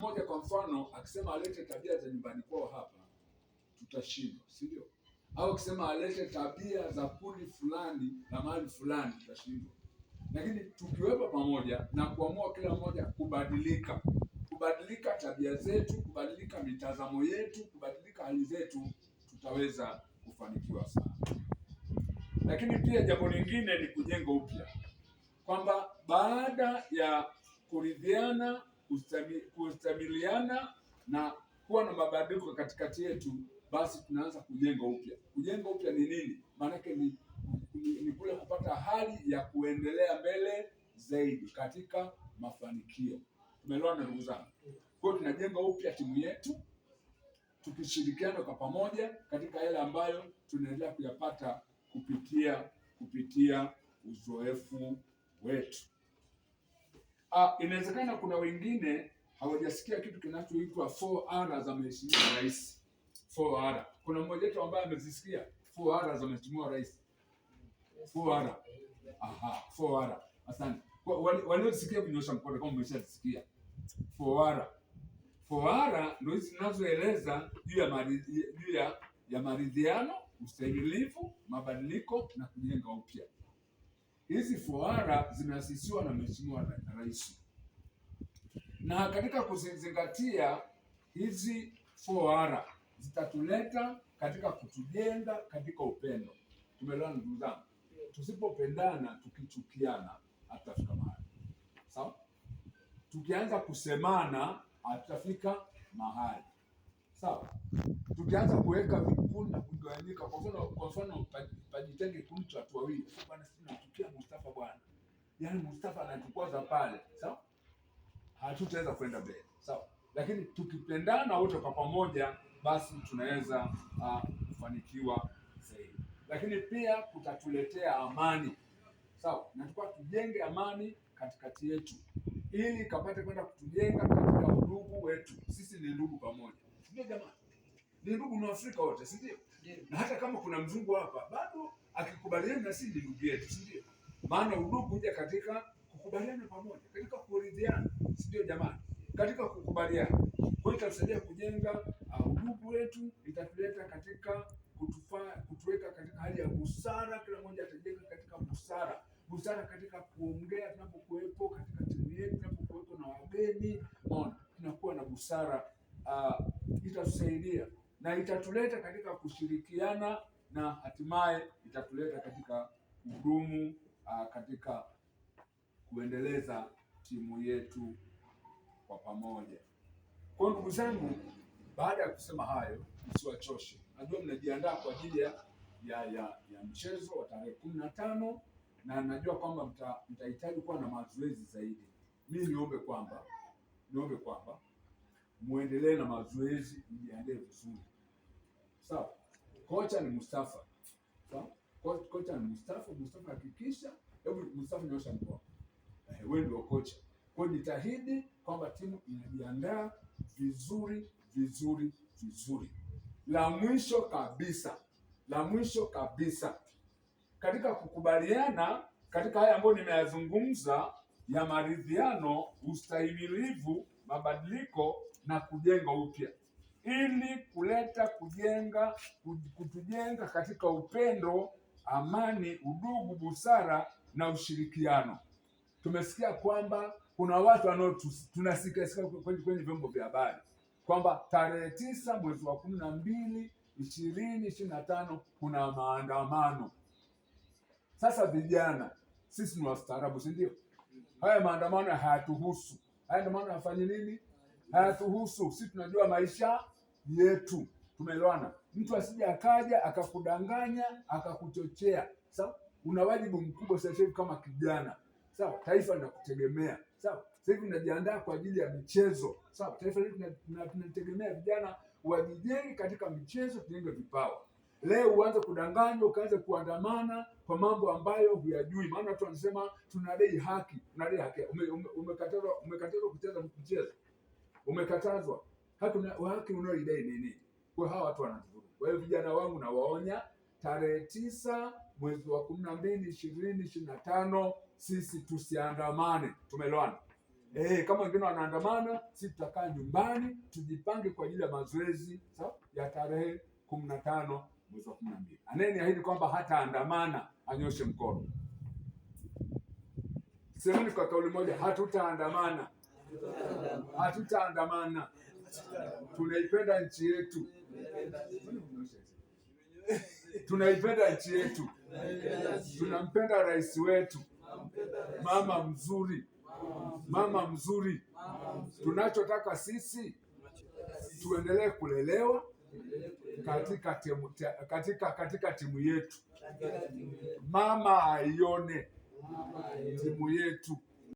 moja kwa mfano akisema alete tabia za nyumbani kwao hapa, tutashindwa, si ndio? Au akisema alete tabia za kundi fulani na mahali fulani, tutashindwa. Lakini tukiwepo pamoja na kuamua kila mmoja kubadilika, kubadilika tabia zetu, kubadilika mitazamo yetu, kubadilika hali zetu, tutaweza kufanikiwa sana. Lakini pia jambo lingine ni kujenga upya, kwamba baada ya kuridhiana kustamiliana na kuwa na mabadiliko katikati yetu, basi tunaanza kujenga upya. Kujenga upya ni nini? Maanake ni, ni, ni kule kupata hali ya kuendelea mbele zaidi katika mafanikio. Tumeelewana ndugu zangu? Kwa hiyo tunajenga upya timu yetu tukishirikiana kwa pamoja katika yale ambayo tunaendelea kuyapata kupitia kupitia uzoefu wetu. Ah, inawezekana kuna wengine hawajasikia kitu kinachoitwa 4R za Mheshimiwa Rais. 4R. Kuna mmoja wetu ambaye amezisikia 4R za Mheshimiwa Rais. 4R. Aha, 4R. Asante. Waliosikia kunyosha mkono kama mmeshasikia. 4R. 4R ndio hizi zinazoeleza juu ya juu ya maridhiano, ustahimilivu, mabadiliko na kujenga upya hizi fuara zinaasisiwa na Mheshimiwa Rais, na katika kuzingatia hizi fuara zitatuleta katika kutujenga katika upendo. Tumeelewana ndugu zangu? Tusipopendana tukichukiana, hatutafika mahali sawa. Tukianza kusemana, hatutafika mahali sawa. Tukianza kuweka vikundi na kugawanyika, kwa mfano kwa mfano pajitenge kikundi cha watu wawili, bwana, sisi tunamchukia Mustafa bwana, yaani Mustafa anatukwaza pale, sawa, hatutaweza kwenda mbele, sawa. Lakini tukipendana wote kwa pamoja, basi tunaweza ah, kufanikiwa zaidi, lakini pia kutatuletea amani, sawa. Natuka tujenge amani katikati yetu, ili kapate kwenda kutujenga katika udugu wetu. Sisi ni ndugu pamoja ndio jamani, ni ndugu wa Afrika wote, si ndio? Na hata kama kuna mzungu hapa bado akikubaliana na sisi ni ndugu yetu, si ndio? Maana udugu huja katika kukubaliana pamoja, katika kuridhiana, si ndio jamani, katika kukubaliana. Kwa hiyo itatusaidia kujenga udugu uh, wetu, itatuleta katika kutufaa, kutuweka katika hali ya busara. Kila mmoja atajenga katika busara, busara katika kuongea tunapokuwepo katika timu yetu, tunapokuwepo na wageni, tunakuwa na busara uh, itatusaidia na itatuleta katika kushirikiana na hatimaye itatuleta katika kudumu uh, katika kuendeleza timu yetu kwa pamoja. Kwa hiyo ndugu zangu, baada ya kusema hayo, msiwachoshe. Najua mnajiandaa kwa ajili ya, ya, ya mchezo wa tarehe kumi na tano na najua kwamba mtahitaji kuwa na mazoezi zaidi. Mimi niombe kwamba niombe kwamba muendelee na mazoezi, mjiandae vizuri. Sawa, kocha ni Mustafa. Sawa, kocha ni Mustafa. Mustafa hakikisha, hebu Mustafa nyosha mkono, wewe ndio kocha. Kwa hiyo jitahidi kwamba timu inajiandaa vizuri vizuri vizuri. La mwisho kabisa, la mwisho kabisa katika kukubaliana katika haya ambayo nimeyazungumza ya maridhiano, ustahimilivu, mabadiliko na kujenga upya ili kuleta kujenga kutujenga katika upendo, amani, udugu, busara na ushirikiano. Tumesikia kwamba kuna watu wanao tunasikasika kwenye vyombo vya habari kwamba tarehe tisa mwezi wa kumi na mbili ishirini ishirini na tano kuna maandamano. Sasa vijana sisi ni wastaarabu, si ndio? Haya maandamano hayatuhusu. Haya maandamano yafanye nini? hayatuhusu. Eh, si tunajua maisha yetu, tumeelewana. Mtu asije akaja akakudanganya akakuchochea, sawa. Una wajibu mkubwa sasa hivi kama kijana, sawa. Taifa linakutegemea, sawa. Sasa hivi tunajiandaa kwa ajili ya michezo, sawa. Taifa letu tunategemea vijana wajijenge katika michezo, tujenge vipawa. Leo uanze kudanganywa ukaanze kuandamana kwa mambo ambayo huyajui, maana watu wanasema tunadai haki. Unadai haki? Umekatazwa ume, ume ume kucheza mchezo Umekatazwa. Haki unaoidai nini? Kwa hawa watu wanatuvuruga. Kwa hiyo vijana wangu nawaonya, tarehe tisa mwezi wa kumi na mbili ishirini ishirini na tano sisi tusiandamane. tumeloana mm. Eh, kama wengine wanaandamana, sisi tutakaa nyumbani, tujipange kwa ajili ya mazoezi ya tarehe kumi na tano mwezi wa kumi na mbili. Anayeniahidi kwamba hataandamana anyoshe mkono. Semeni kwa kauli moja, hatutaandamana hatutaandamana, tunaipenda nchi yetu, tunaipenda nchi yetu, tunampenda rais wetu, mama mzuri, mama mzuri. Tunachotaka sisi tuendelee kulelewa katika timu, katika, katika timu yetu, mama aione timu yetu